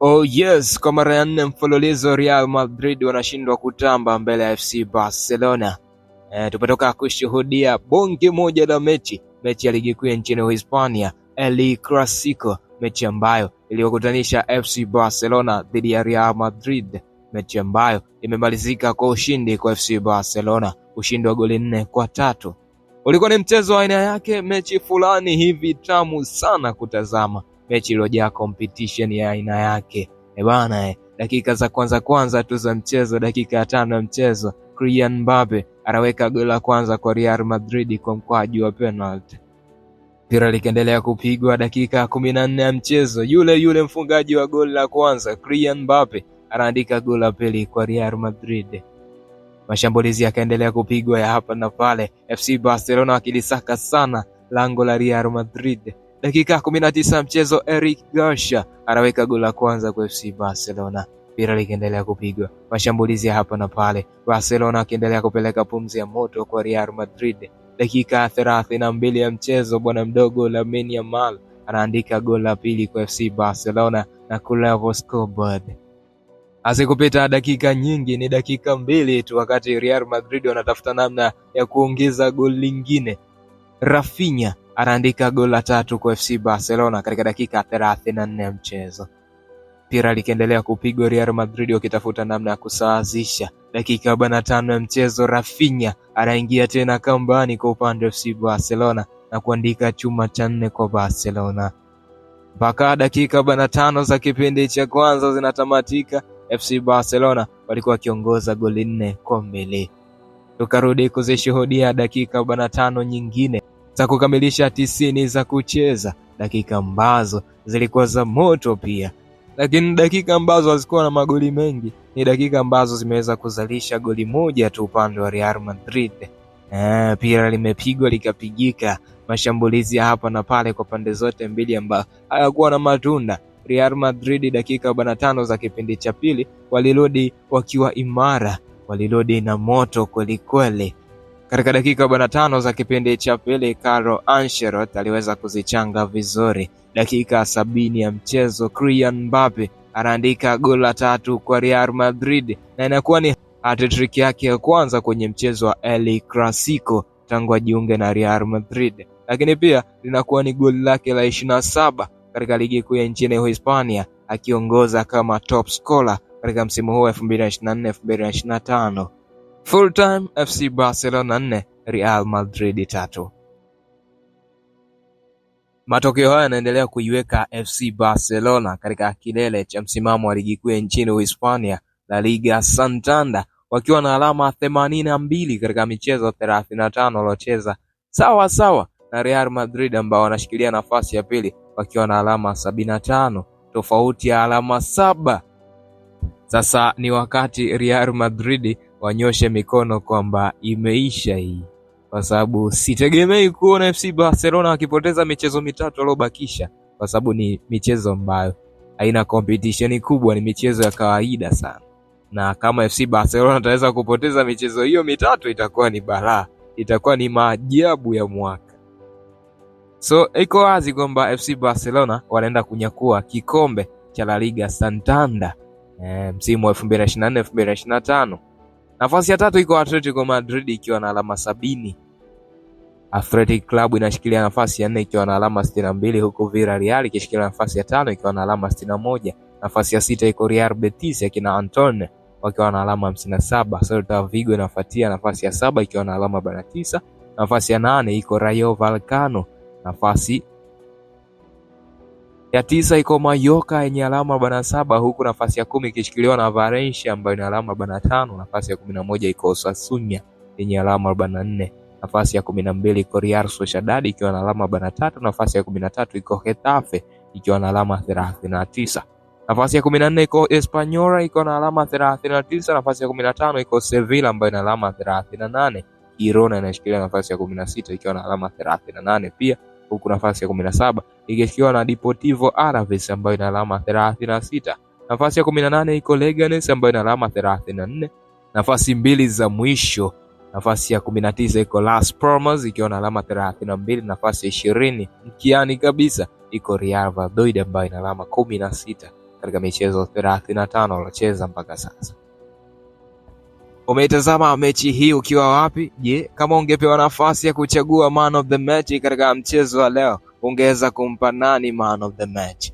Oh yes, kwa mara ya nne mfululizo Real Madrid wanashindwa kutamba mbele ya FC Barcelona. E, tumetoka kushuhudia bonge moja la mechi, mechi ya ligi kuu ya nchini Hispania, El Clasico, mechi ambayo iliyokutanisha FC Barcelona dhidi ya Real Madrid, mechi ambayo imemalizika kwa ushindi kwa FC Barcelona, ushindi wa goli nne kwa tatu. Ulikuwa ni mchezo wa aina yake, mechi fulani hivi tamu sana kutazama mechi iliyojaa competition ya aina yake e eh bana e. Eh, dakika za kwanza kwanza tu za mchezo, dakika ya tano ya mchezo, Kylian Mbappe anaweka goli la kwanza kwa Real Madrid kwa mkwaju wa penalty. Pira likaendelea kupigwa, dakika ya kumi na nne ya mchezo, yule yule mfungaji wa goli la kwanza Kylian Mbappe anaandika goli la pili kwa Real Madrid. Mashambulizi yakaendelea kupigwa ya hapa na pale, FC Barcelona wakilisaka sana lango la Real Madrid Dakika kumi na tisa mchezo, Eric Garcia anaweka goli la kwanza kwa FC Barcelona, mpira likiendelea kupigwa, mashambulizi ya hapa na pale, Barcelona akiendelea kupeleka pumzi ya moto kwa Real Madrid. Dakika ya na mbili ya mchezo, bwana mdogo Lamine Yamal anaandika goli la pili kwa FC Barcelona na Kulavo scoreboard. Hazikupita dakika nyingi, ni dakika mbili tu, wakati Real Madrid wanatafuta namna ya kuongeza goli lingine. Rafinha anaandika goli la tatu kwa FC Barcelona katika dakika 34 ya mchezo. Pira likiendelea kupigwa, Real Madrid wakitafuta namna ya kusawazisha. Dakika 45 tano ya mchezo, Rafinha anaingia tena kambani kwa upande wa FC Barcelona na kuandika chuma cha nne kwa Barcelona. Mpaka dakika arobaini tano za kipindi cha kwanza zinatamatika, FC Barcelona walikuwa wakiongoza goli nne kwa mbili. Tukarudi kuzishuhudia dakika arobaini tano nyingine za kukamilisha tisini za kucheza, dakika ambazo zilikuwa za moto pia, lakini dakika ambazo hazikuwa na magoli mengi, ni dakika ambazo zimeweza kuzalisha goli moja tu upande wa Real Madrid. Eh, pira limepigwa likapigika, mashambulizi ya hapa na pale kwa pande zote mbili ambayo hayakuwa na matunda. Real Madrid dakika 45 za kipindi cha pili walirudi wakiwa imara, walirudi na moto kwelikweli. Katika dakika arobaini tano za kipindi cha pili Carlo Ancelotti aliweza kuzichanga vizuri. Dakika sabini ya mchezo Kylian Mbappe anaandika goli la tatu kwa Real Madrid na inakuwa ni hat-trick yake ya kwanza kwenye mchezo wa El Clasico tangu ajiunge na Real Madrid, lakini pia linakuwa ni goli lake la ishiri na saba katika ligi kuu ya nchini Uhispania akiongoza kama top scorer katika msimu huu 2024 2025 time FC Barcelona 4, Real Madrid 3. Matokeo haya yanaendelea kuiweka FC Barcelona katika kilele cha msimamo wa ligi kuu nchini Uhispania, La Liga Santander, wakiwa na alama 82 katika michezo 35 waliocheza sawa sawa na Real Madrid ambao wanashikilia nafasi ya pili wakiwa na alama 75 tofauti ya alama saba. Sasa ni wakati Real Madrid wanyoshe mikono kwamba imeisha hii, kwa sababu sitegemei kuona FC Barcelona wakipoteza michezo mitatu waliobakisha, kwa sababu ni michezo ambayo haina competition kubwa, ni michezo ya kawaida sana, na kama FC Barcelona ataweza kupoteza michezo hiyo mitatu itakuwa ni balaa, itakuwa ni maajabu ya mwaka. So iko wazi kwamba FC Barcelona wanaenda kunyakua kikombe cha La Liga Santander eh, msimu wa 2024 2025. Nafasi ya tatu iko Atletico Madrid ikiwa na alama sabini. Athletic Club inashikilia nafasi ya nne ikiwa na alama sitini na mbili huku Villarreal ikishikilia nafasi ya tano ikiwa na alama sitini na moja. Nafasi ya sita iko Real Betis ya kina Anton wakiwa na alama hamsini na saba. Celta Vigo inafuatia nafasi ya saba ikiwa na alama arobaini na tisa. Nafasi ya nane iko Rayo Vallecano nafasi ya tisa iko Mallorca yenye alama arobaini na saba huku nafasi ya kumi ikishikiliwa na Valencia ambayo ina alama arobaini na tano Nafasi ya kumi na moja iko Osasuna yenye alama arobaini na nne Nafasi ya kumi na mbili iko Real Sociedad ikiwa na alama arobaini na tatu Nafasi ya kumi na tatu iko Getafe ikiwa na alama thelathini na tisa Nafasi ya kumi na nne iko Espanyola iko na alama thelathini na tisa Nafasi ya kumi na tano iko Sevilla ambayo ina alama thelathini na nane Girona inashikilia nafasi ya kumi na sita ikiwa na alama thelathini na nane pia huku nafasi ya kumi na saba ikishikiwa na Deportivo Alaves ambayo ina alama 36. Nafasi ya kumi na nane iko Leganes ambayo ina alama 34. Nafasi mbili za mwisho, nafasi ya kumi na tisa iko Las Palmas ikiwa na alama 32. Nafasi ya ishirini mkiani kabisa iko Real Valladolid ambayo ina alama 16 katika michezo 35 na mpaka sasa. Umeitazama mechi hii ukiwa wapi? Je, kama ungepewa nafasi ya kuchagua man of the match katika mchezo wa leo, ungeweza kumpa nani man of the match?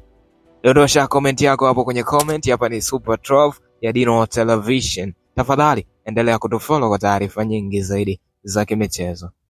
Dondosha komenti yako hapo kwenye comment. Hapa ni Super 12 ya Dino Television. Tafadhali endelea kutufollow kwa taarifa nyingi zaidi za kimichezo.